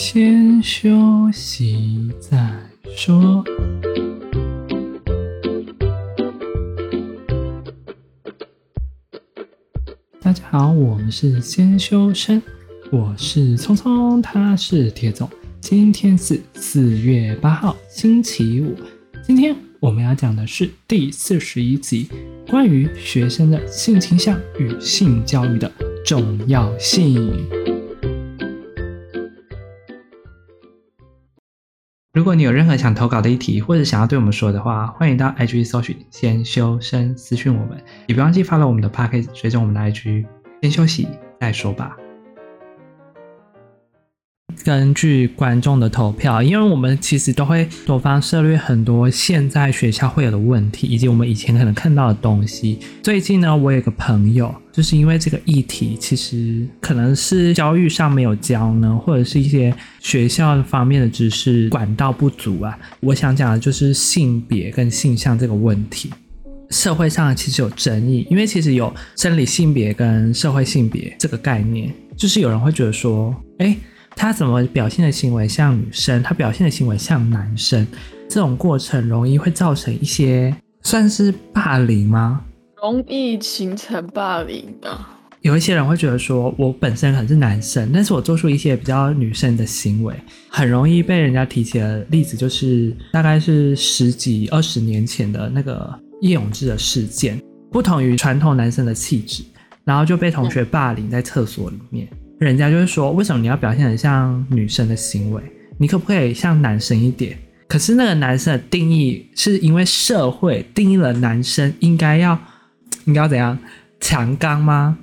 先休息再說。大家好，我們是先修身，我是聰聰，他是鐵總。今天是四月八號，星期五。今天我們要講的是第四十一集，關於學生的性傾向與性教育的重要性。如果你有任何想投稿的議題，或者想要對我們說的話，歡迎到 IG 搜尋“先修身”，私訊我們。也別忘記 follow 我們的 Podcast 追蹤我們的 IG。先休息再說吧。根據觀眾的投票，因為我們其實都會多方涉獵很多現在學校會有的問題，以及我們以前可能看到的東西。最近呢，我有個朋友就是因為這個議題，其實可能是教育上沒有教呢，或者是一些學校的方面的知識管道不足啊。我想講的就是性別跟性向這個問題，社會上其實有爭議，因為其實有生理性別跟社會性別這個概念，就是有人會覺得說，哎。他怎麼表現的行為像女生？他表現的行為像男生？這種過程容易會造成一些算是霸凌嗎？容易形成霸凌的啊。有一些人會覺得說，我本身可能是男生，但是我做出一些比較女生的行為，很容易被人家提起的例子，就是大概是十幾二十年前的那個葉永志的事件，不同於傳統男生的氣質，然後就被同學霸凌在廁所裡面。嗯人家就是說，為什麼你要表現很像女生的行為？你可不可以像男生一點？可是那個男生的定義，是因為社會定義了男生應該要，應該要怎樣？強剛嗎？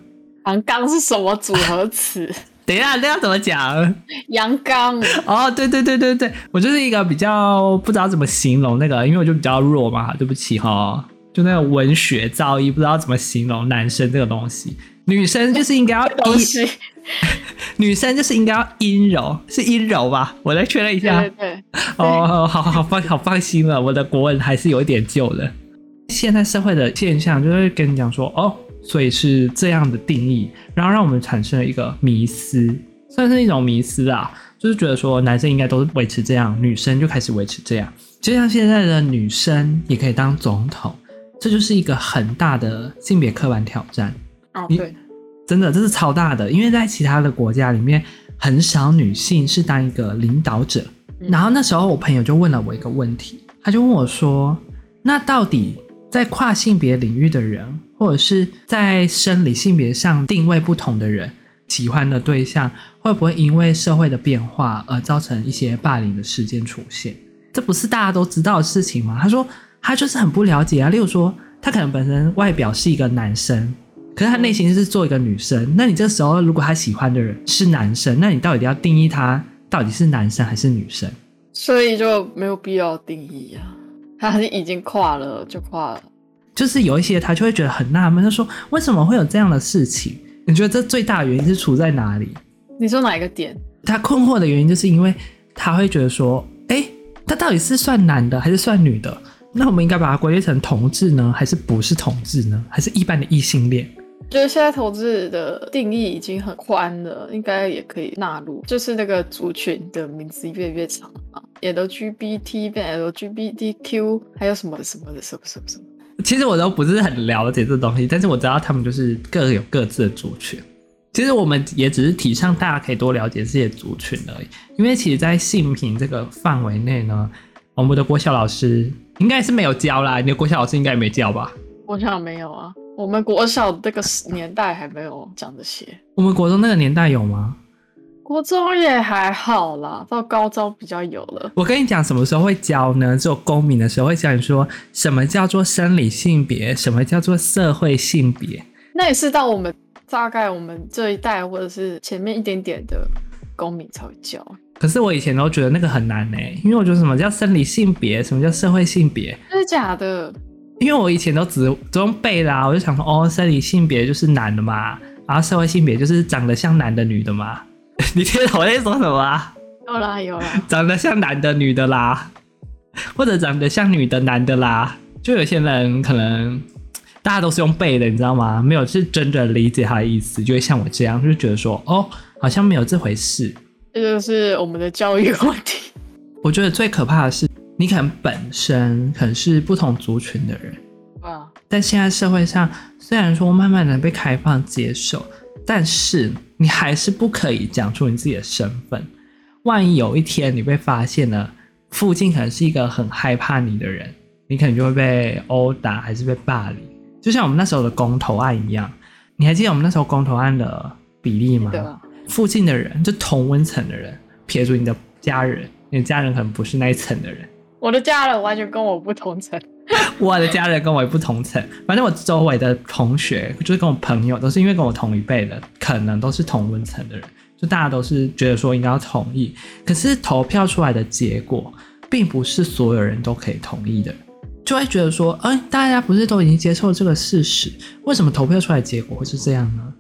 強剛是什麼組合詞？啊、等一下，那要怎麼講？陽剛？哦，對對對對對，我就是一個比較不知道怎麼形容那個，因為我就比較弱嘛，對不起哈、哦，就那種文學造詣，不知道怎麼形容男生這個東西。女生就是應該要陰，水女生就是應該要陰柔，是陰柔吧？我再確認一下。對，對對。哦，好好好，放好放心了，我的國文還是有一點舊的。現在社會的現象就是跟你講說，哦，所以是這樣的定義，然後讓我們產生了一個迷思，算是一種迷思啊，就是覺得說男生應該都是維持這樣，女生就開始維持這樣。就像現在的女生也可以當總統，這就是一個很大的性別刻板挑戰。對，真的這是超大的，因為在其他的國家裡面，很少女性是當一個領導者。然後那時候我朋友就問了我一個問題，他就問我說：“那到底在跨性別領域的人，或者是在生理性別上定位不同的人，喜歡的對象會不會因為社會的變化而造成一些霸凌的事件出現？這不是大家都知道的事情嗎？”他說：“他就是很不了解啊，例如說他可能本身外表是一個男生。”可是他內心是做一個女生，那你這個時候如果他喜歡的人是男生，那你到底要定義他到底是男生還是女生？所以就沒有必要定義啊，他已經跨了就跨了。就是有一些他就會覺得很納悶，就說為什麼會有這樣的事情？你覺得這最大的原因是出在哪裡？你說哪一個點？他困惑的原因就是因為他會覺得說，哎、欸，他到底是算男的還是算女的？那我們應該把他歸類成同志呢，還是不是同志呢？還是一般的異性戀？覺得現在投資的定義已經很寬了，應該也可以納入。就是那個族群的名字越來越長啊，LGBT 變 LGBTQ，還有什麼什麼什麼什麼什麼。其實我都不是很了解這東西，但是我知道他們就是各有各自的族群。其實我們也只是提倡大家可以多了解這些族群而已。因為其實，在性平這個範圍內呢，我們的國小老師應該是沒有教啦，你的國小老師應該沒教吧？我想沒有啊，我們國小的那個年代還沒有講這些。我們國中那個年代有嗎？國中也還好啦，到高中比較有了。我跟你講，什麼時候會教呢？做公民的時候會教你說什麼叫做生理性別，什麼叫做社會性別。那也是到我們大概我們這一代或者是前面一點點的公民才會教。可是我以前都覺得那個很難呢、欸，因為我覺得什麼叫生理性別，什麼叫社會性別，是假的。因為我以前都只都用背啦、啊，我就想說，哦，生理性別就是男的嘛，然後社會性別就是長得像男的女的嘛。 你聽我在說什麼啊？有啦有啦，有啦長得像男的女的啦，或者長得像女的男的啦，就有些人可能大家都是用背的，你知道嗎？沒有、就是真的理解他的意思，就會像我這樣，就覺得說，哦，好像沒有這回事。這就是我們的教育問題。我覺得最可怕的是。你可能本身可能是不同族群的人，啊，但現在社會上，雖然說慢慢的被開放接受，但是你還是不可以講出你自己的身份。萬一有一天你被發現了，附近可能是一個很害怕你的人，你可能就會被毆打還是被霸凌。就像我們那時候的公投案一樣，你還記得我們那時候公投案的比例嗎？對了，附近的人就同溫層的人，撇除你的家人，你的家人可能不是那一層的人。我的家人完全跟我不同層， 我的家人跟我也不同層。反正我周圍的同學，就是跟我朋友，都是因為跟我同一輩的，可能都是同溫層的人，就大家都是覺得說應該要同意。可是投票出來的結果，並不是所有人都可以同意的，就會覺得說，哎、呃，大家不是都已經接受這個事實，為什麼投票出來的結果會是這樣呢？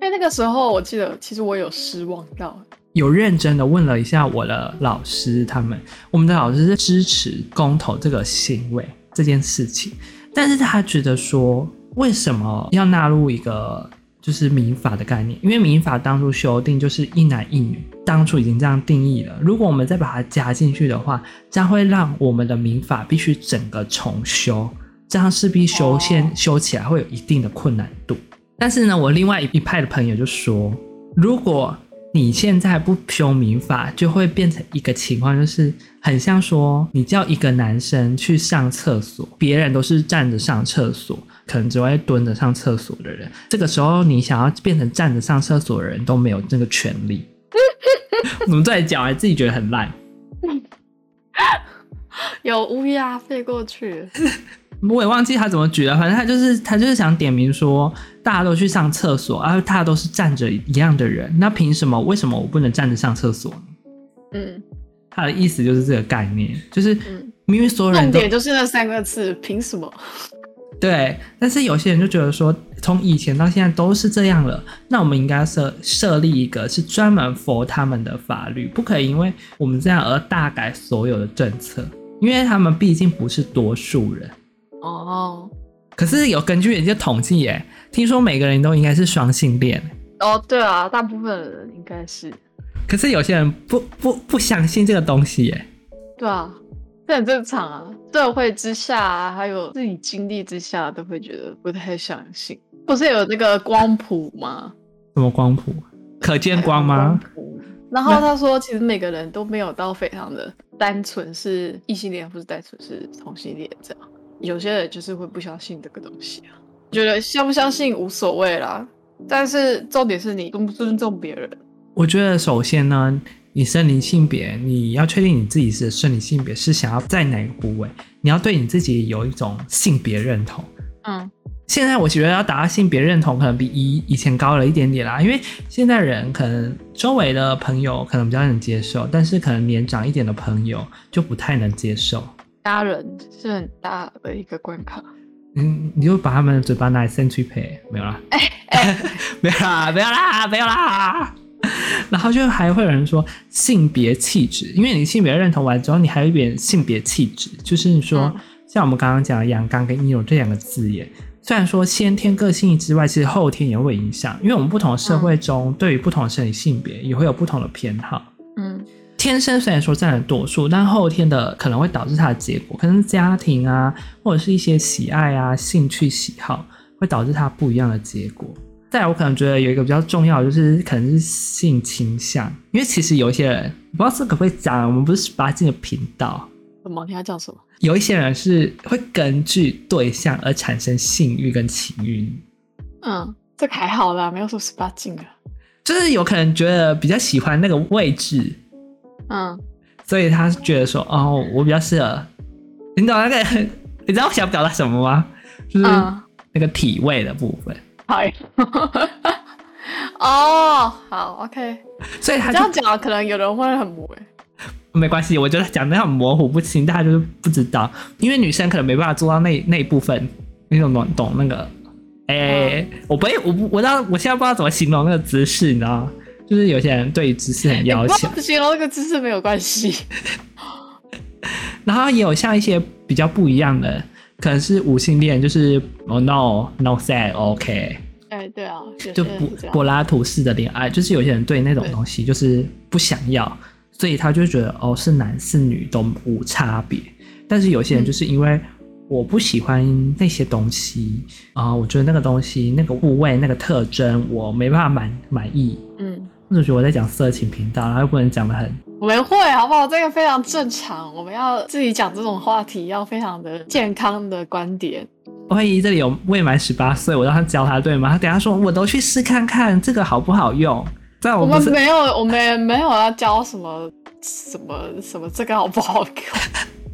哎，那個時候我記得，其實我有失望到。有認真的問了一下我的老師，他們我們的老師是支持公投這個行為這件事情，但是他覺得說，為什麼要納入一個就是民法的概念？因為民法當初修訂就是一男一女當初已經這樣定義了，如果我們再把它加進去的話，這樣會讓我們的民法必須整個重修，這樣勢必修憲修起來會有一定的困難度。但是呢，我另外一派的朋友就說，如果。你現在不修民法，就會變成一個情況，就是很像說，你叫一個男生去上廁所，別人都是站着上廁所，可能只會蹲着上廁所的人。這個時候，你想要變成站着上廁所的人，都沒有這個權利。 我們在講，還自己覺得很爛。 有烏鴉飛過去。 我也忘記他怎麼舉了，反正他就是他就是想點名說，大家都去上廁所啊，大家都是站着一樣的人，那憑什麼？為什麼我不能站着上廁所呢？嗯，他的意思就是這個概念，就是、嗯、明明所有人都重點就是那三個字，憑什麼？對，但是有些人就覺得說，從以前到現在都是這樣了，那我們應該設設立一個是專門 for 他們的法律，不可以因為我們這樣而大改所有的政策，因為他們畢竟不是多數人。哦，可是有根據人家統計耶，聽說每個人都應該是雙性戀。哦，對啊，大部分的人應該是。可是有些人不不不相信這個東西耶。對啊，這很正常啊。社會之下，啊，還有自己經歷之下，都會覺得不太相信。不是有那個光譜嗎？什麼光譜？可見光嗎？光，然後他說，其實每個人都沒有到非常的單純是異性戀，不是單純是同性戀這樣。有些人就是會不相信這個東西啊，覺得相不相信無所謂啦。但是重點是你尊不尊重別人。我覺得首先呢，你生理性別，你要確定你自己是生理性別，是想要在哪個部位，你要對你自己有一種性別認同。嗯，現在我覺得要達到性別認同，可能比以以前高了一點點啦。因為現在人可能周圍的朋友可能比較能接受，但是可能年長一點的朋友就不太能接受。家人是很大的一個關卡，嗯，你就把他們的嘴巴拿來先去配，沒有啦，哎哎、欸，欸、 沒有啦，沒有啦，沒有啦， 然後就還會有人說性別氣質，因為你性別認同完之後，你還有一點性別氣質，就是說、嗯、像我們剛剛講的陽剛跟陰柔這兩個字眼，雖然說先天個性之外，其實後天也會影響，因為我們不同的社會中對於不同的生理性別也會有不同的偏好。天生雖然說占了多數，但後天的可能會導致他的結果，可能是家庭啊，或者是一些喜愛啊、興趣喜好，會導致他不一樣的結果。再來我可能覺得有一個比較重要，就是可能是性傾向，因為其實有一些人，我不知道是可不可以講，我們不是十八禁的頻道。我忘記他叫什麼。有一些人是會根據對象而產生性欲跟情欲。嗯，這個還好啦，沒有說十八禁啊，就是有可能覺得比較喜歡那個位置。嗯，所以他是覺得說，哦，我比較適合。你懂、啊、那個？你知道我想表達什麼嗎？就是那個體位的部分。嗨、嗯，哦，好，OK。所以他這樣講可能有人會很模、欸。沒關係，我覺得講的很模糊不清，但他就是不知道，因為女生可能沒辦法做到那那一部分那種懂懂那個。哎、欸嗯，我不，我我我，我現在不知道怎麼形容那個姿勢，你知道嗎？就是有些人對知識很要求，欸，不行哦，那個知識沒有關係。 然後也有像一些比較不一樣的，可能是無性戀，就是哦，oh, no no sad ok。哎，欸，對啊，就柏柏拉圖式的戀愛，就是有些人對那種東西就是不想要，對所以他就覺得哦，是男是女都無差別。但是有些人就是因為我不喜歡那些東西啊，嗯嗯，我覺得那個東西、那個部位、那個特徵我沒辦法滿滿意，嗯。我覺得我在講色情頻道，然後又不能講得很，我們會好不好？這個非常正常，我們要自己講這種話題，要非常的健康的觀點。我懷疑這裡有未滿十八歲，我讓他教他對嗎？他等下說我都去試看看這個好不好用。我，我們沒有，我們沒有要教什麼什麼什麼，什麼這個好不好用？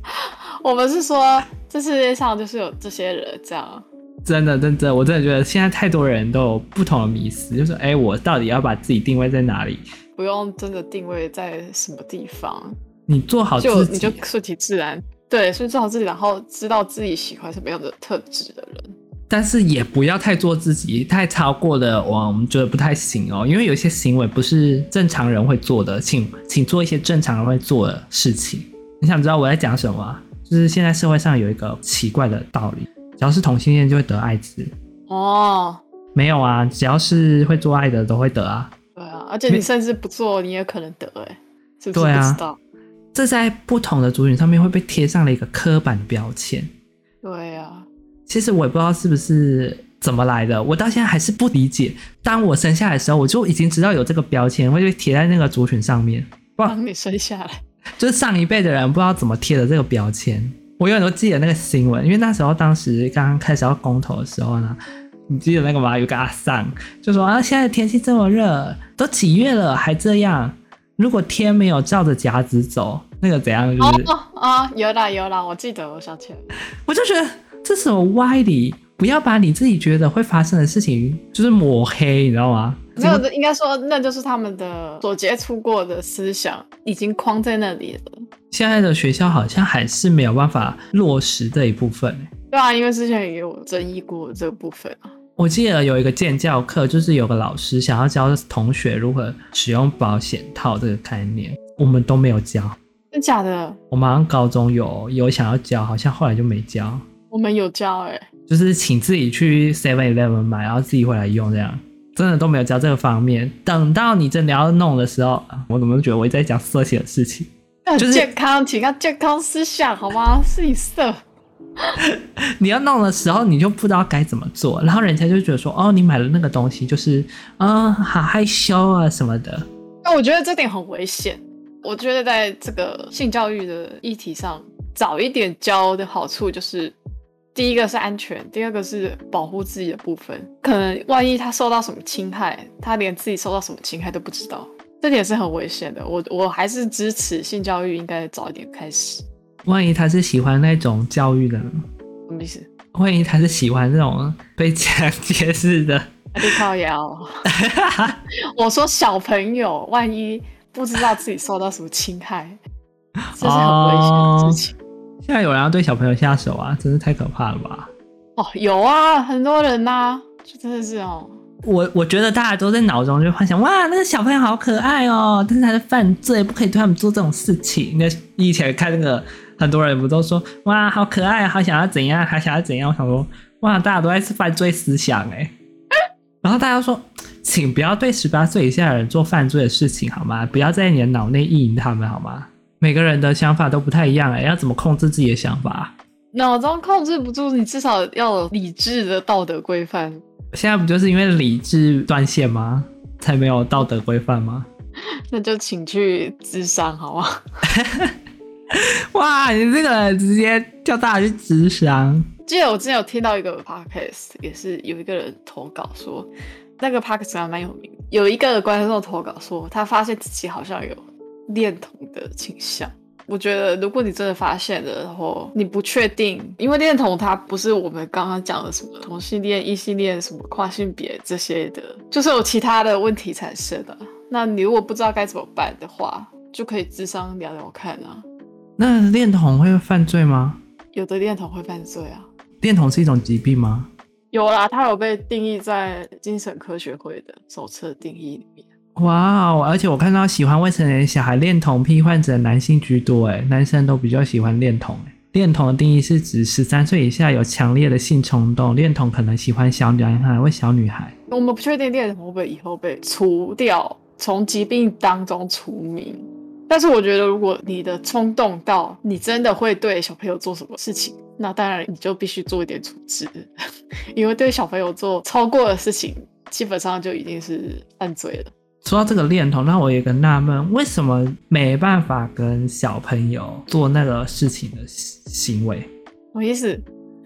我們是說這世界上就是有這些人，這樣。真的，真的，我真的覺得現在太多人都有不同的迷思，就是哎、欸，我到底要把自己定位在哪裡？不用真的定位在什麼地方，你做好自己，就你就順其自然，對，所以做好自己，然後知道自己喜歡什麼樣的特質的人。但是也不要太做自己，太超過了，哇，我們覺得不太行哦、喔，因為有些行為不是正常人會做的，請請做一些正常人會做的事情。你想知道我在講什麼、啊？就是現在社會上有一個奇怪的道理。只要是同性戀就會得艾滋哦，沒有啊，只要是會做愛的都會得啊。對啊，而且你甚至不做沒你也可能得哎、欸，是不是？對啊，這在不同的族群上面會被貼上了一個刻板的標籤。對啊，其實我也不知道是不是怎麼來的，我到現在還是不理解。當我生下來的時候，我就已經知道有這個標籤會被貼在那個族群上面。幫你生下來，就是上一輩的人不知道怎麼貼的這個標籤。我有很多記得那個新聞，因為那時候當時剛剛開始要公投的時候呢，你記得那個嘛？有個阿桑就說啊，現在天氣這麼熱，都幾月了還這樣，如果天沒有照着甲子走，那個怎樣？就是啊，oh, oh, 有啦有啦，我記得，我想起來，我就覺得這是什麼歪理，不要把你自己覺得會發生的事情就是抹黑，你知道嗎？沒有，應該說那就是他們的所接觸過的思想已經框在那裡了。現在的學校好像還是沒有辦法落實這一部分，欸。對啊，因為之前也有爭議過這個部分啊。我記得有一個建教課，就是有個老師想要教同學如何使用保險套這個概念，我們都沒有教。真的假的？我們好像高中有有想要教，好像後來就沒教。我們有教哎，欸，就是請自己去 Seven Eleven 買，然後自己回來用這樣，真的都沒有教這個方面。等到你真的要弄的時候，我怎麼覺得我一直在講色情的事情？就是、健康，提個健康思想好嗎？是你色， 你要弄的時候，你就不知道該怎麼做，然後人家就覺得說：“哦，你買了那個東西，就是啊，好、哦、害羞啊什麼的。”那我覺得這點很危險。我覺得在這個性教育的議題上，早一點教的好處就是，第一個是安全，第二個是保護自己的部分。可能萬一他受到什麼侵害，他連自己受到什麼侵害都不知道。這點也是很危險的，我我還是支持性教育應該早一點開始。萬一他是喜歡那種教育的呢？什麼意思？萬一他是喜歡這種被強解式的？阿迪卡幺，我說小朋友，萬一不知道自己受到什麼侵害，這是很危險的事情。哦、現在有人要對小朋友下手啊，真是太可怕了吧？哦，有啊，很多人吶、啊，就真的是哦。我我覺得大家都在腦中就幻想，哇，那個小朋友好可愛哦、喔，但是他犯罪不可以對他們做這種事情。那以前看那個很多人不都說，哇，好可愛，好想要怎樣，還想要怎樣。我想說，哇，大家都在是犯罪思想哎。嗯、然後大家說，請不要對十八歲以下的人做犯罪的事情好嗎？不要在你的腦內意淫他們好嗎？每個人的想法都不太一樣哎，要怎麼控制自己的想法？腦中控制不住，你至少要有理智的道德規範。現在不就是因為理智斷線嗎？才沒有道德規範嗎？那就請去諮商好嗎？ 哇，你這個人直接叫大家去諮商！記得我之前有聽到一個 Podcast 也是有一個人投稿說，那個 Podcast 還蠻有名。有一個觀眾投稿說，他發現自己好像有戀童的傾向。我覺得，如果你真的發現了，然後你不確定，因為戀童它不是我們剛剛講的什麼同性戀、異性戀、什麼跨性別這些的，就是有其他的問題產生的。那你如果不知道該怎麼辦的話，就可以諮商，聊聊看啊。那戀童會犯罪嗎？有的戀童會犯罪啊。戀童是一種疾病嗎？有啦，它有被定義在精神科學會的手冊定義裡面。哇哦！Wow, 而且我看到喜歡未成年小孩戀童癖患者，男性居多，誒，男生都比較喜歡戀童。誒。戀童的定義是指十三歲以下，有強烈的性衝動，戀童可能喜歡小男孩或小女孩。我們不確定戀童會不會以後被除掉，從疾病當中除名。但是我覺得，如果你的衝動到你真的會對小朋友做什麼事情，那當然你就必須做一點處置。因為對小朋友做超過的事情，基本上就已經是犯罪了。說到這個戀童，那我有個納悶，為什麼沒辦法跟小朋友做那個事情的行為？什麼意思？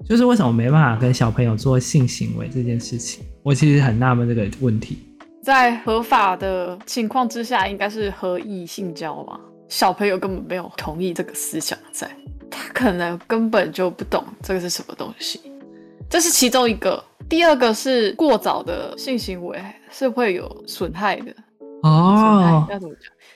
就是為什麼沒辦法跟小朋友做性行為這件事情？我其實很納悶這個問題。在合法的情況之下，應該是合意性交吧？小朋友根本沒有同意這個思想在，他可能根本就不懂這個是什麼東西。這是其中一個，第二個是過早的性行為是會有損害的。哦，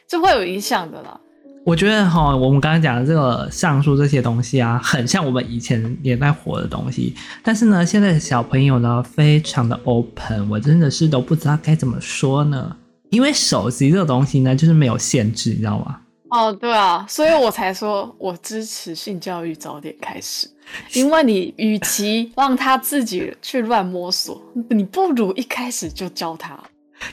這會有影響的啦。我覺得哈、哦，我們剛才講的這個上述這些東西啊，很像我們以前也在活的東西。但是呢，現在小朋友呢，非常的 open，我真的是都不知道該怎麼說呢。因為手機這個東西呢，就是沒有限制，你知道嗎？哦，對啊，所以我才說，我支持性教育早點開始， 因為你與其讓他自己去亂摸索，你不如一開始就教他。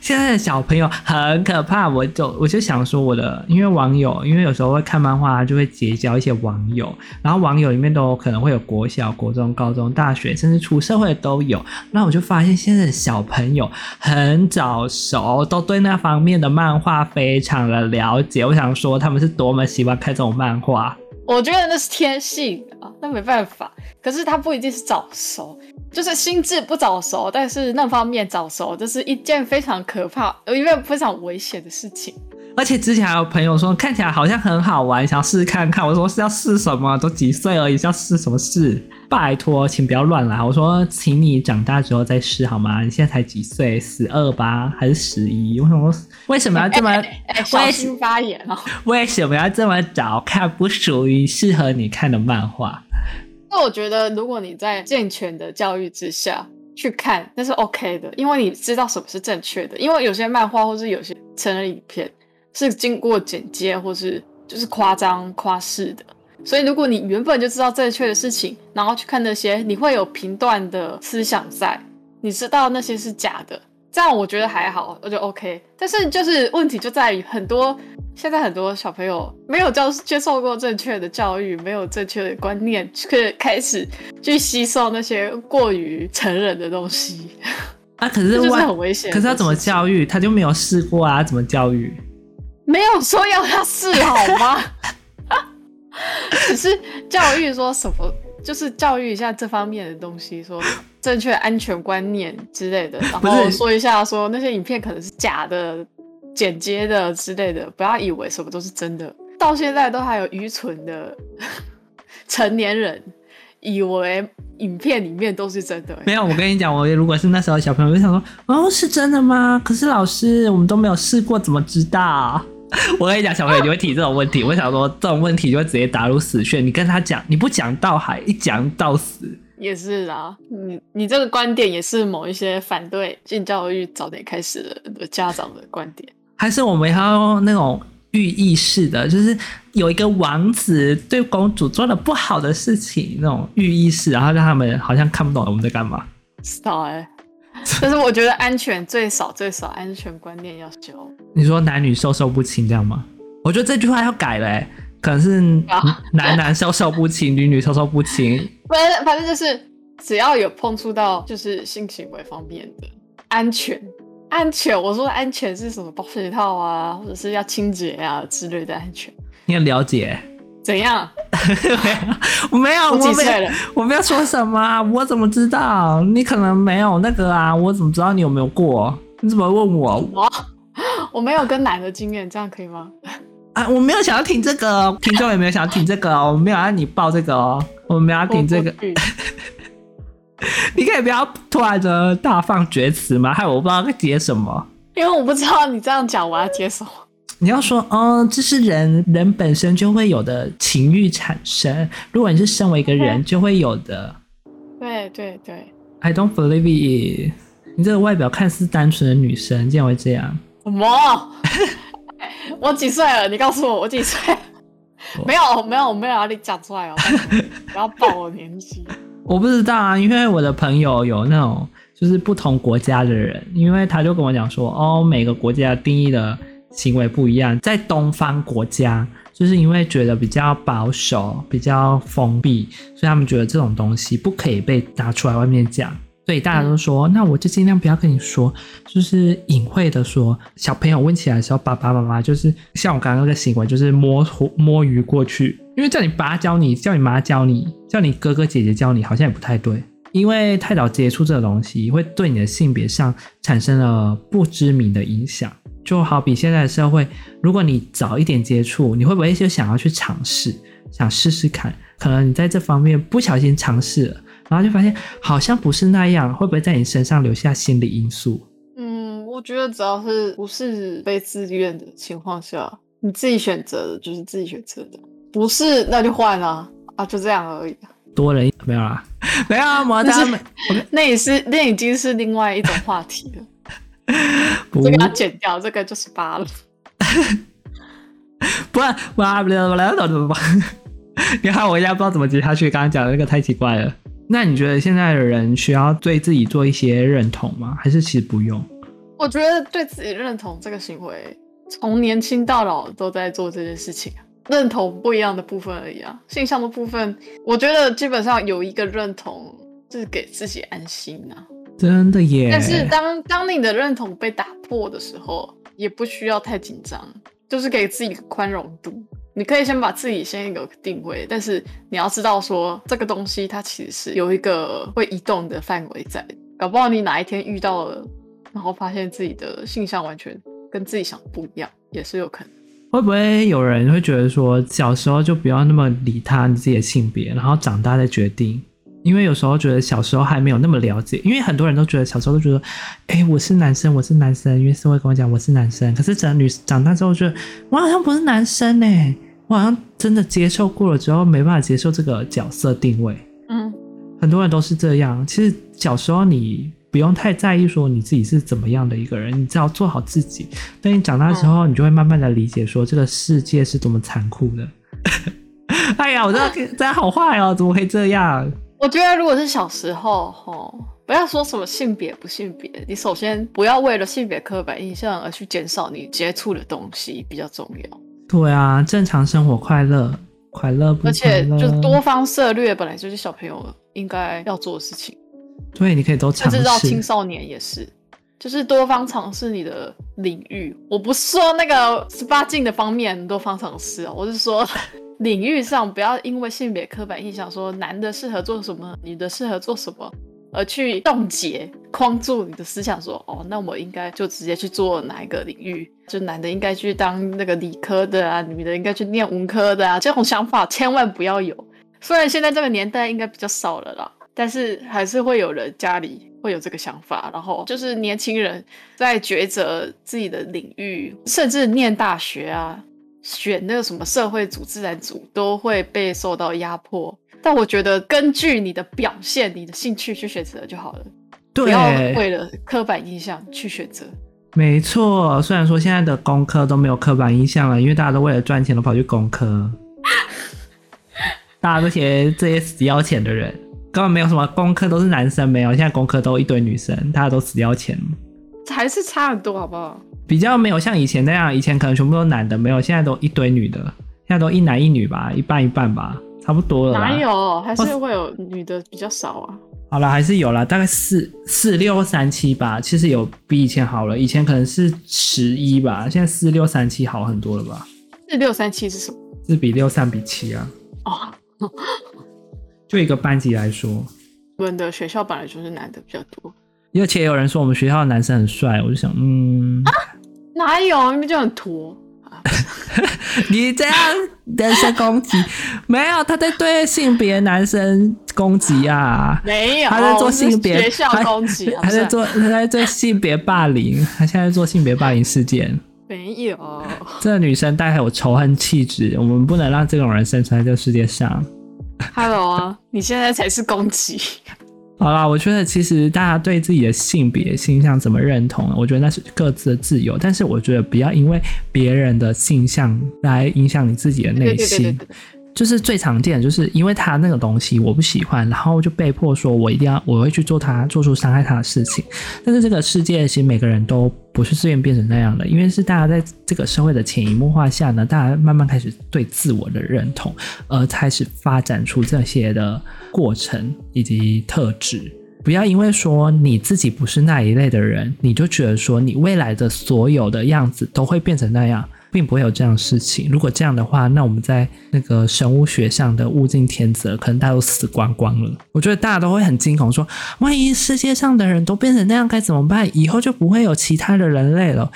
現在的小朋友很可怕，我就我就想說我的，因為網友，因為有時候會看漫畫，就會結交一些網友，然後網友裡面都可能會有國小、國中、高中、大學，甚至出社會都有。那我就發現現在的小朋友很早熟，都對那方面的漫畫非常的了解。我想說他們是多麼喜歡看這種漫畫。我覺得那是天性啊，那沒辦法。可是他不一定是早熟。就是心智不早熟，但是那方面早熟，這是一件非常可怕，因為非常危險的事情。而且之前還有朋友說，看起來好像很好玩，想試試看看。我說是要試什麼？都幾歲而已，要試什麼試？拜托，請不要亂來！我說，請你長大之後再試好嗎？你現在才幾歲？十二吧，還是十一？為什麼為什麼要這麼小心發言哦？為什麼要這麼欸欸欸早看不屬於適合你看的漫畫？那我覺得，如果你在健全的教育之下去看，那是 OK 的，因為你知道什麼是正確的。因為有些漫畫或是有些成人影片是經過剪接或是就是誇張誇飾的，所以如果你原本就知道正確的事情，然後去看那些，你會有評斷的思想在，你知道那些是假的。這樣我覺得還好，我覺得 OK。但是就是問題就在於很多，現在很多小朋友沒有教接受過正確的教育，沒有正確的觀念，去開始去吸收那些過於成人的東西。那、啊、可是外，就是很危險。可是他怎麼教育，他就沒有試過啊？怎麼教育？沒有說要他試好嗎？ 只是教育說什麼，就是教育一下這方面的東西說。正確安全觀念之類的，然後說一下，說那些影片可能是假的、是剪接的之類的，不要以為什麼都是真的。到現在都還有愚蠢的 成年人以為影片裡面都是真的欸。沒有，我跟你講，我如果是那時候的小朋友，就想說，哦，是真的嗎？可是老師，我們都沒有試過，怎麼知道啊？我跟你講，小朋友 你會提這種問題，我想說這種問題就會直接打入死穴。你跟他講，你不講到海，一講到死。也是啊，你你這個觀點也是某一些反對性教育早點開始的家長的觀點，還是我們要那種寓意式的，就是有一個王子對公主做了不好的事情，那種寓意式，然後讓他們好像看不懂我們在幹嘛。少、欸，但是我覺得安全最少最少安全觀念要教。 你說男女授受不親這樣嗎？我覺得這句話要改嘞、欸。可是男男悄悄不親、啊啊啊、女女悄悄不清。反正就是只要有碰觸到，就是性行為方面的安全，安全。我說安全是什麼？保險套啊，或者是要清潔啊之類的安全。你很了解？怎樣？ 沒有，我沒有,我,我沒有說什麼，我怎麼知道？你可能沒有那個啊，我怎麼知道你有沒有過？你怎麼問我？我沒有跟男的經驗，這樣可以嗎？啊，我沒有想要聽這個，聽眾也沒有想要聽這個， 我沒有讓你報這個哦，我沒有要聽這個。 你可以不要突然的大放厥詞嗎？害我我不知道該接什麼，因為我不知道你這樣講我要接什麼。你要說，嗯，這是人人本身就會有的情慾產生，如果你是身為一個人就會有的。Okay. 對對對，I don't believe it，你這個外表看似單純的女生竟然會這樣。什麼？ 我幾歲了？你告訴我，我幾歲？我 沒有，沒有，沒有，你講出來哦， 不要爆我年紀。我不知道啊，因為我的朋友有那種就是不同國家的人，因為他就跟我講說，哦，每個國家的定義的行為不一樣，在東方國家，就是因為覺得比較保守、比較封閉，所以他們覺得這種東西不可以被拿出來外面講。所以大家都說，那我就盡量不要跟你說，就是隱晦的說。小朋友問起來的時候，爸爸媽媽就是像我剛剛那個行為，就是摸摸魚過去。因為叫你爸教你，叫你媽教你，叫你哥哥姐姐教你，好像也不太對。因為太早接觸這個東西，會對你的性別上產生了不知名的影響。就好比現在的社會，如果你早一點接觸，你會不會就想要去嘗試，想試試看？可能你在這方面不小心嘗試了。然後就發現好像不是那樣，會不會在你身上留下心理因素？嗯，我覺得只要是不是被自願的情況下，你自己選擇的就是自己選擇的，不是那就換了啊，就這樣而已。多人沒有啊，沒有啊，摩羯，那也是，那已經是另外一種話題了，這個要剪掉，這個就是八了 不然不是不是不是不是不是不是不是，你看我一下，不知道怎麼接下去，剛剛講的那個太奇怪了。那你覺得現在的人需要對自己做一些認同嗎？還是其實不用？我覺得對自己認同這個行為，從年輕到老都在做這件事情，認同不一樣的部分而已啊。性向的部分，我覺得基本上有一個認同，就是給自己安心吶啊。真的耶。但是當當你的認同被打破的時候，也不需要太緊張，就是給自己寬容度。你可以先把自己先有個定位，但是你要知道說這個東西它其實是有一個會移動的範圍在，搞不好你哪一天遇到了，然後發現自己的性向完全跟自己想的不一樣，也是有可能。會不會有人會覺得說小時候就不要那麼理他你自己的性別，然後長大再決定？因為有時候覺得小時候還沒有那麼了解，因為很多人都覺得小時候都覺得，哎、欸，我是男生，我是男生，因為社會跟我講我是男生，可是長女生長大之後覺得我好像不是男生哎、欸。我好像真的接受過了之後，沒辦法接受這個角色定位。嗯，很多人都是這樣。其實小時候你不用太在意說你自己是怎麼樣的一個人，你只要做好自己。等你長大之後，你就會慢慢的理解說這個世界是多麼殘酷的。嗯、 哎呀，我真的、啊、這樣好壞哦？怎麼會這樣？我覺得如果是小時候，齁，不要說什麼性別不性別，你首先不要為了性別刻板印象而去減少你接觸的東西，比較重要。對啊，正常生活快樂、快樂，不快樂，而且就多方涉獵，本來就是小朋友應該要做的事情。對，你可以多嘗試。知道青少年也是，就是多方嘗試你的領域。我不說那個十八禁的方面多方嘗試哦，我是說 領域上不要因為性別刻板印象說男的適合做什麼，女的適合做什麼。而去凍結、框住你的思想說，說哦，那我應該就直接去做哪一個領域？就男的應該去當那個理科的啊，女的應該去念文科的啊，這種想法千萬不要有。雖然現在這個年代應該比較少了啦，但是還是會有人家裡會有這個想法，然後就是年輕人在抉擇自己的領域，甚至念大學啊，選那個什麼社會組、自然組，都會被受到壓迫。但我覺得根據你的表現、你的興趣去選擇就好了，不對要為了刻板印象去選擇。沒錯，雖然說現在的工科都沒有刻板印象了，因為大家都為了賺錢都跑去工科， 大家這些這些死要錢的人根本沒有什麼工科都是男生，沒有，現在工科都一堆女生，大家都死要錢，還是差很多，好不好？比較沒有像以前那樣，以前可能全部都男的，沒有，現在都一堆女的，現在都一男一女吧，一半一半吧。差不多了，哪有？還是會有女的比較少啊。哦、好了，還是有了，大概四四六三七吧。其實有比以前好了，以前可能是十一吧，現在四六三七好很多了吧？四六三七是什麼？四比六三比七啊。哦，就一個班級來說，我們就的學校本來就是男的比較多，而且也有人說我們學校的男生很帥，我就想，嗯、啊，哪有？明明就很土 你這樣。 男生攻擊 沒有，他在對性別男生攻擊啊，沒有，他在做性別學校攻擊，啊還在，他在做 他在，在做性別霸凌，他現在做性別霸凌事件，沒有，這個女生帶有仇恨氣質，我們不能讓這種人生存在這世界上。 Hello 啊，你現在才是攻擊。好啦，我覺得其實大家對自己的性別、性向怎麼認同呢，我覺得那是各自的自由。但是我覺得不要因為別人的性向來影響你自己的內心。對對對對就是最常見的，就是因為他那個東西我不喜歡，然後就被迫說我一定要，我會去做他，做出傷害他的事情。但是這個世界其實每個人都不是自願變成那樣的，因為是大家在這個社會的潛移默化下呢，大家慢慢開始對自我的認同，而開始發展出這些的過程以及特質。不要因為說你自己不是那一類的人，你就覺得說你未來的所有的樣子都會變成那樣。並不會有這樣的事情。如果這樣的話，那我們在那個生物學上的物競天擇，可能大家都死光光了。我覺得大家都會很驚恐說，萬一世界上的人都變成那樣，該怎麼辦？以後就不會有其他的人類了。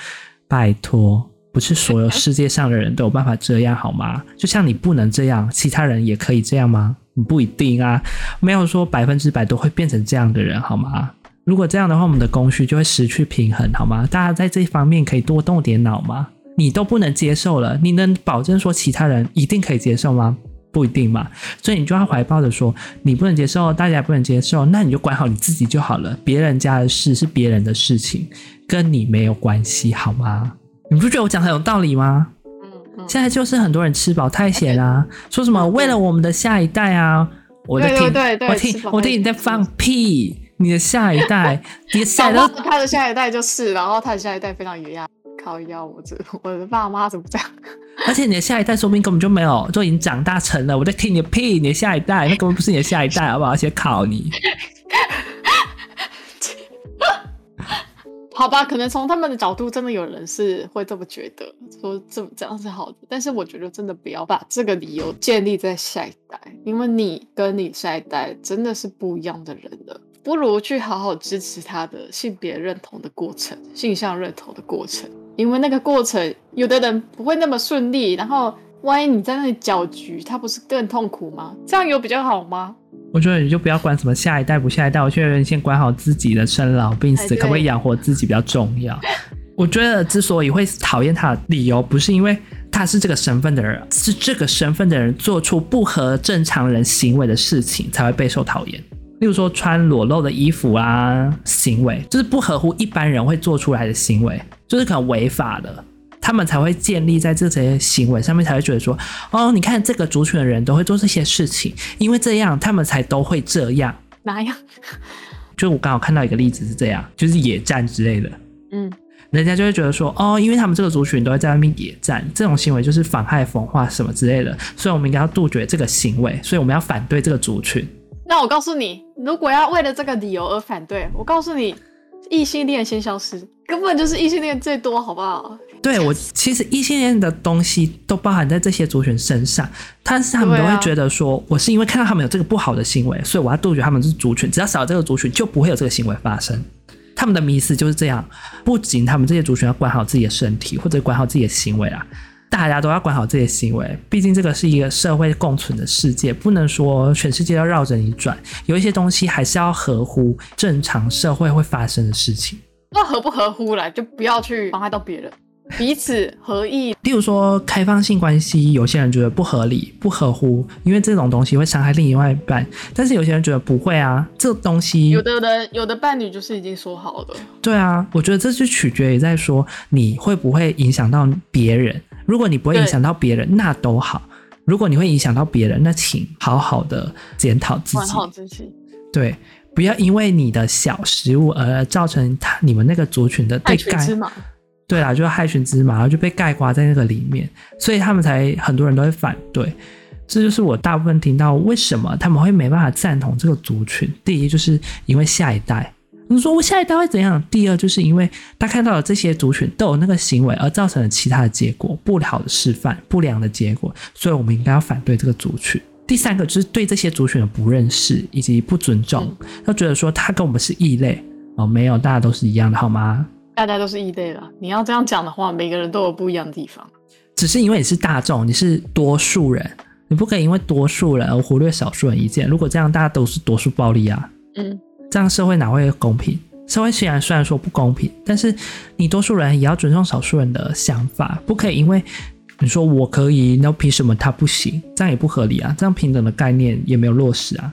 拜托，不是所有世界上的人都有辦法這樣好嗎？就像你不能這樣，其他人也可以這樣嗎？不一定啊，沒有說百分之百都會變成這樣的人好嗎？如果這樣的話，我們的供需就會失去平衡好嗎？大家在這方面可以多動點腦嗎？你都不能接受了，你能保證說其他人一定可以接受嗎？不一定嘛，所以你就要懷抱着說，你不能接受，大家不能接受，那你就管好你自己就好了，別人家的事是別人的事情，跟你沒有關係，好嗎？你不覺得我講很有道理嗎？現在就是很多人吃飽太閒啦，說什麼為了我們的下一代啊，我的聽我聽我聽你在放屁，你的下一代，小王他的下一代就是，然後他的下一代非常一樣。靠腰，我這，我的爸媽怎麼這樣？而且你的下一代說明根本就沒有，就已經長大成了。我在聽你的屁，你的下一代，那根本不是你的下一代， 好不好？而且考你。 好吧，可能從他們的角度，真的有人是會這麼覺得，說這這樣是好的。但是我覺得真的不要把這個理由建立在下一代，因為你跟你下一代真的是不一樣的人了。不如去好好支持他的性別認同的過程，性向認同的過程。因為那個過程，有的人不會那麼順利。然後，萬一你在那裡攪局，他不是更痛苦嗎？這樣有比較好嗎？我覺得你就不要管什麼下一代不下一代，我覺得你先管好自己的生老病死，對可不可以養活自己比較重要。 我覺得之所以會討厭他的理由不是因為他是這個身份的人，是這個身份的人做出不合正常人行為的事情才會備受討厭。例如說穿裸露的衣服啊，行為就是不合乎一般人會做出來的行為。就是可能違法了，他們才會建立在這些行為上面，才會覺得說，哦，你看這個族群的人都會做這些事情，因為這樣他們才都會這樣哪樣？就我剛好看到一個例子是這樣，就是野戰之類的，嗯，人家就會覺得說，哦，因為他們這個族群都會在外面野戰，這種行為就是妨害風化什麼之類的，所以我們應該要杜絕這個行為，所以我們要反對這個族群。那我告訴你，如果要為了這個理由而反對，我告訴你，異性戀先消失。根本就是異性戀最多，好不好？對我其實異性戀的東西都包含在這些族群身上，但是他們都會覺得說，啊、我是因為看到他們有這個不好的行為，所以我要杜絕他們是族群。只要少了這個族群，就不會有這個行為發生。他們的迷思就是這樣。不僅他們這些族群要管好自己的身體，或者管好自己的行為啊，大家都要管好自己的行為。畢竟這個是一個社會共存的世界，不能說全世界都要繞着你轉。有一些東西還是要合乎正常社會會發生的事情。那合不合乎來，就不要去傷害到別人，彼此合意。例如說，開放性關係，有些人覺得不合理、不合乎，因為這種東西會傷害另外一半。但是有些人覺得不會啊，這東西有的人有的伴侶就是已經說好了。對啊，我覺得這就取決於在說你會不會影響到別人。如果你不會影響到別人，對那都好；如果你會影響到別人，那請好好的檢討自己。管好自己。對。不要因為你的小食物而造成他你們那個族群的被蓋。害群之馬，對啦，就是害群之馬，然後就被概括在那個裡面，所以他們才很多人都會反對。這就是我大部分聽到為什麼他們會沒辦法贊同這個族群。第一，就是因為下一代，你說我下一代會怎樣？第二，就是因為他看到了這些族群都有那個行為，而造成了其他的結果，不好的示範，不良的結果，所以我們應該要反對這個族群。第三個就是對這些族群的不認識以及不尊重，他、嗯、覺得說他跟我們是異類哦，沒有，大家都是一樣的，好嗎？大家都是異類的，你要這樣講的話，每個人都有不一樣的地方。只是因為你是大衆，你是多數人，你不可以因為多數人而忽略少數人意見。如果這樣，大家都是多數暴力啊，嗯，這樣社會哪會公平？社會雖然雖然說不公平，但是你多數人也要尊重少數人的想法，不可以因為。你說我可以，那、no, 憑什麼他不行？這樣也不合理啊！這樣平等的概念也沒有落實啊！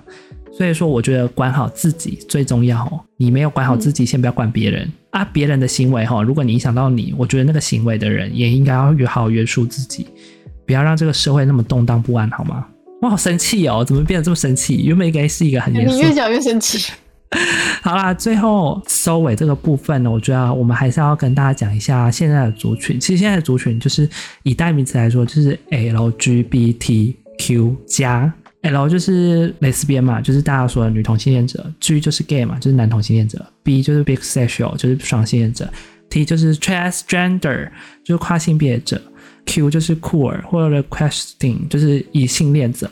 所以說，我覺得管好自己最重要。你沒有管好自己，先不要管別人、嗯、啊！別人的行為，哈，如果你影響到你，我覺得那個行為的人也應該要好好約束自己，不要讓這個社會那麼動盪不安，好嗎？我好生氣哦！怎麼變得這麼生氣？原本應該是一個，個很嚴……你越講越生氣。 好啦，最後收尾這個部分呢，我覺得我們還是要跟大家講一下現在的族群。其實現在的族群就是以代名詞來說，就是 LGBTQ 加 L 就是蕾絲邊嘛，就是大家說的女同性戀者；G 就是 Gay 嘛，就是男同性戀者；B 就是 Bisexual 就是雙性戀者；T 就是 Transgender，就是跨性別者；Q 就是 Queer 或者 Questioning 就是疑性戀者。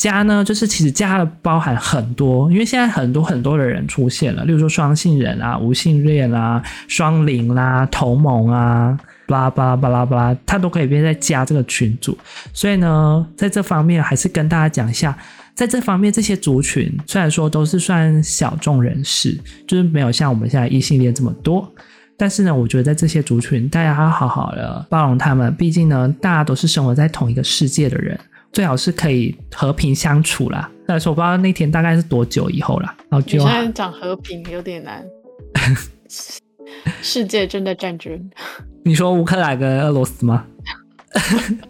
加呢，就是其實加了包含很多，因為現在很多很多的人出現了，例如說雙性人啊、無性戀啊、雙靈啦、同盟啊，巴拉巴拉巴拉巴拉，bl ah、blah blah blah blah, 他都可以變在加這個群組，所以呢，在這方面還是跟大家講一下，在這方面這些族群，雖然說都是算小眾人士，就是沒有像我們現在異性戀這麼多，但是呢，我覺得在這些族群，大家要好好的包容他們，畢竟呢，大家都是生活在同一個世界的人。最好是可以和平相處啦。但是我不知道那天大概是多久以後啦，然後就現在講和平有點難。 世界真的戰爭？你說烏克蘭跟俄羅斯嗎？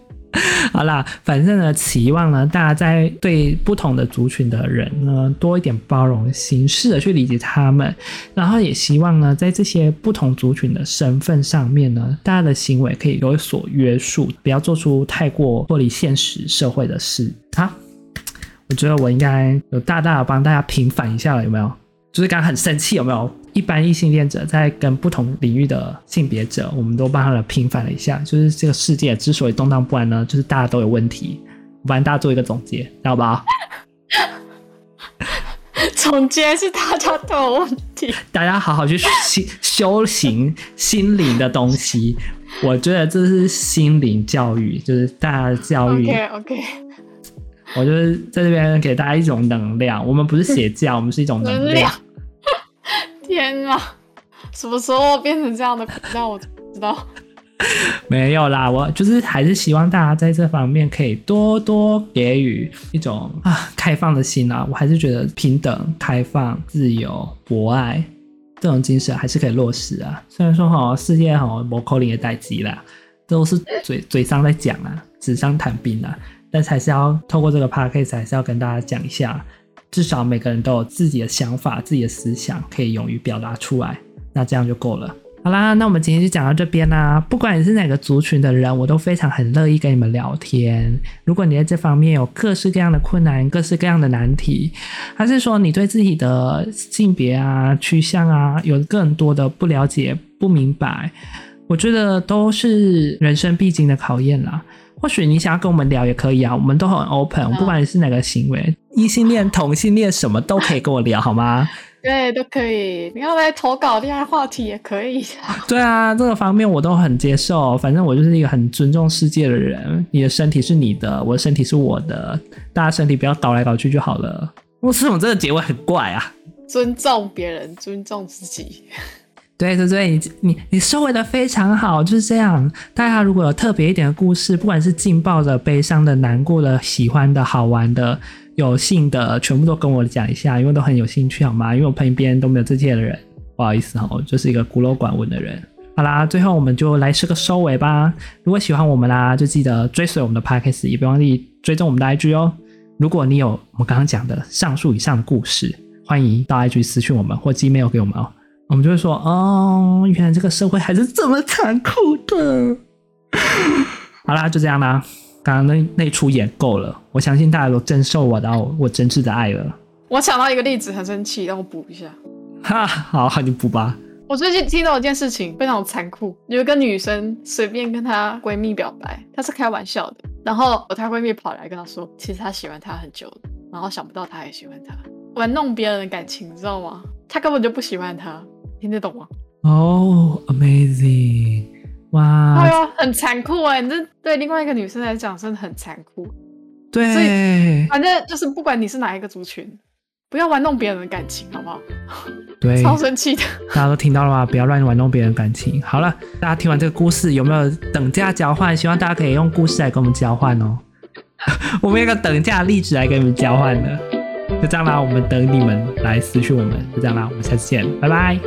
好啦，反正呢，期望呢，大家在對不同的族群的人呢，多一點包容心，試着去理解他們。然後也希望呢，在這些不同族群的身份上面呢，大家的行為可以有所約束，不要做出太過脫離現實社會的事。好、啊，我覺得我應該有大大的幫大家平反一下了，有沒有？就是剛很生氣，有沒有？一般異性戀者在跟不同領域的性別者，我們都幫他的平反了一下。就是這個世界之所以動盪不安呢，就是大家都有問題。我幫大家做一個總結，好不好？總結是大家都有問題。大家好好去修修行心靈的東西， 我覺得這是心靈教育，就是大家的教育。Okay, okay，我就是在這邊給大家一種能量。我們不是邪教，我們是一種能量。能量天啊，什麼時候變成這樣的？那我不知道。 沒有啦，我就是還是希望大家在這方面可以多多給予一種啊開放的心啊。我還是覺得平等、開放、自由、博愛這種精神還是可以落實啊。雖然說哈，世界哈摩口令也待機了，都是嘴嘴上在講啊，紙上談兵啊，但是還是要透過這個 podcast 還是要跟大家講一下。至少每個人都有自己的想法、自己的思想，可以勇於表達出來，那這樣就夠了。好啦，那我們今天就講到這邊啦。不管你是哪個族群的人，我都非常很樂意跟你們聊天。如果你在這方面有各式各樣的困難、各式各樣的難題，還是說你對自己的性別啊、取向啊有更多的不了解、不明白，我覺得都是人生必經的考驗啦。或許你想要跟我們聊也可以啊，我們都很 open，我不管你是哪個行為，異性戀、同性戀什麼都可以跟我聊， 好嗎？對，都可以。你要來投稿戀愛話題也可以啊。對啊，這個方面我都很接受。反正我就是一個很尊重世界的人。你的身體是你的，我的身體是我的，大家身體不要搞來搞去就好了。為、哦、什麼這個結尾很怪啊？尊重別人，尊重自己。對對對，你你你收尾的非常好，就是這樣。大家如果有特別一點的故事，不管是勁爆的、悲傷的、難過的、喜歡的、好玩的、有幸的，全部都跟我講一下，因為都很有興趣，好嗎？因為我旁邊都沒有這些的人，不好意思哦，就是一個孤陋寡聞的人。好啦，最後我們就來試個收尾吧。如果喜歡我們啦，就記得追隨我們的 podcast，也別忘記追蹤我們的 IG 哦。如果你有我們剛剛講的上述以上的故事，歡迎到 IG 私訊我們或寄 mail 給我們哦。我們就會說，哦，原來這個社會還是這麼殘酷的。 好啦，就這樣啦，剛剛那那一出演夠了，我相信大家都真受我到我,我真摯的愛了。我想到一個例子，很生氣，讓我補一下。哈，好，你補吧。我最近聽到一件事情，非常殘酷。有一個女生隨便跟她閨蜜表白，她是開玩笑的。然後她閨蜜跑來跟她說，其實她喜歡他很久了。然後想不到他也喜歡她，玩弄別人的感情，知道嗎？她根本就不喜歡他。聽得懂嗎？哦、oh，amazing，哇、wow！哎呦，很殘酷哎、欸，你這對另外一個女生來講真的很殘酷。對，所以，反正就是不管你是哪一個族群，不要玩弄別人的感情，好不好？對，超神奇的，大家都聽到了嗎？不要亂玩弄別人的感情。好了，大家聽完這個故事有沒有等價交換？希望大家可以用故事來跟我們交換哦、喔， 我們有一個等價的例子來跟你們交換的。就這樣啦，我們等你們來私訊我們。就這樣啦，我們下次見，拜拜。